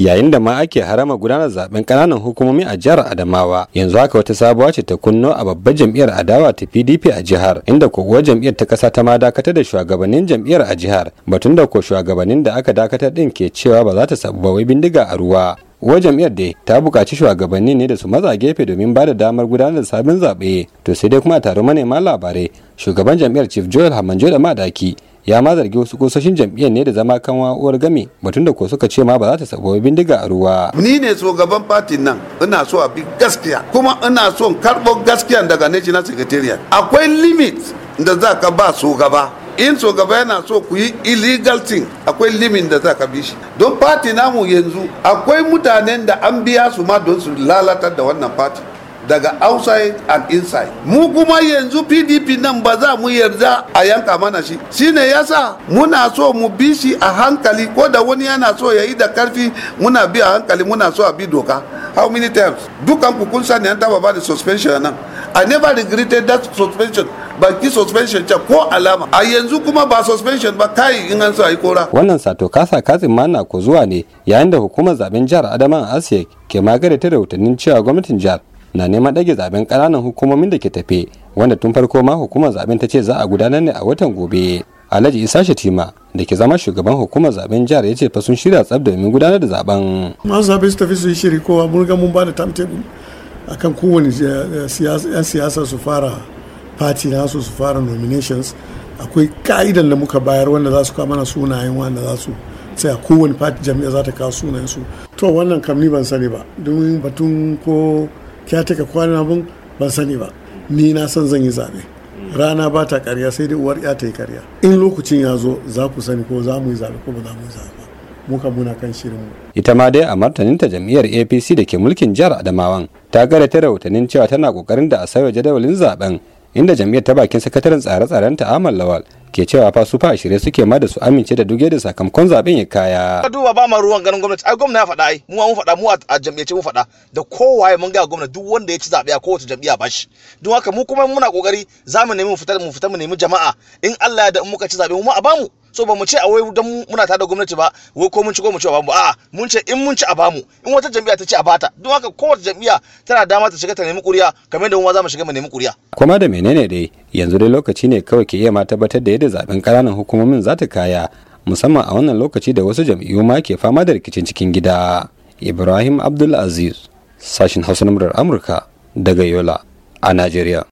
yayin da ma ake harama gudanar zaben kananan hukumomi a jihar Adamawa yanzu haka wata sabuwa ce ta kunno a babbar jam'iyyar adawa ta PDP a jihar inda ko jam'iyyar ta kasa ta ma dakatar da shugabannin jam'iyyar a jihar batun da ko shugabannin da aka dakatar din ke cewa ba za ta sabu ba wai bindiga a ruwa uwar jam'iyyar dai ta buƙaci shugabanni ne da su maza gefe domin ba da damar gudanar da sabon zaɓe to sai dai kuma a taron manema labarai shugaban jam'iyyar chief joel hamanjo da madaki ya ma zargi wasu kusoshin jam'iyyar ne da zama kan uwar game batun da ko suka ce ma ba za ta sabo bindiga a ruwa ni ne shugaban fatin nan ina so a bi gaskiya kuma ina son karɓo gaskiya daga national secretariat akwai limit da za ka ba shugaba in shugaba yana so ku yi illegal thing akwai limit da za ka bi shi don fati namu yanzu akwai mutanen da an biya su ma don su lalatar da wannan fati daga outside and inside mu kuma yanzu pdp nan ba za mu yarda a yanka mana shi shine yasa muna so mu bi shi a hankali ko da wani yana so ya yi da karfi muna bi a hankali muna so a bi doka how many times dukan ku kun sani an taba ba da suspension nan i never regretted that suspension ki suspension ce ko alama a yanzu kuma ba suspension ba kai in an so a yi kora wannan sato kasa katsin mana ko zuwa ne yayin da hukumar zaben jihar adama asiya ke magana ta rahotannin cewa gwamnatin jihar na neman ɗage zaben ƙananan hukumomin da ke tafe wanda tun farko ma hukumar zaben ta ce za a gudanar ne a watan gobe alhaji isa shatima da ke zama shugaban hukumar zaben jihar ya ce fa sun shirya tsab domin gudanar da zaben masu zabe su tafi su yi shiri kowa mun ga mun bada timetable akan kowane eh, yan siyasa su fara party nasu su fara nominations akwai ka'idan da muka bayar wanda za su kawo mana sunayen wanda za su sai a kowane party jami'a za ta kawo sunayen su to wannan kamni ni ban sani ba domin batun ko kya taka kwana mun ban sani ba ni na san zan yi zaɓe rana ba ta karya sai dai uwar ya ta yi karya in lokacin ya zo za ku sani ko za mu yi zaɓe ko ba za mu yi zaɓe muka muna kan shirin mu. ita ma dai a martanin ta jam'iyyar apc da ke mulkin jihar adamawan ta gara ta rahotannin cewa tana kokarin da a sauya jadawalin zaben inda jam'iyyar ta bakin sakataren tsare-tsaren ta amal lawal ke cewa fa su fa shirye suke ma da su amince da duk yadda sakamakon zaben ya kaya. Ka duba ba ma ruwan ganin gwamnati, ai gwamna ya faɗa ai, mu mun faɗa mu a jam'iyyace mun faɗa da kowaye mun ga gwamna duk wanda ya ci zabe a kowace jam'iyya ba shi. Don haka mu kuma muna kokari za mu nemi mu fita mu fita mu nemi jama'a in Allah ya da muka ci zaɓe mu ma a bamu. so ba mu ce a wai dan muna tare da gwamnati ba wai ko mun ci ko mu ci a bamu a mun ce in mun ci a bamu in wata jam'iyya ta ci a bata don haka kowace jam'iyya tana dama ta shiga ta nemi kuriya kamar yadda mu za mu shiga mu nemi kuriya kuma da menene dai yanzu dai lokaci ne kawai ke iya ma tabbatar da yadda zaben kananan hukumomin za ta kaya musamman a wannan lokaci da wasu jam'iyyu ma ke fama da rikicin cikin gida ibrahim aziz sashin hausa na murar amurka daga yola a najeriya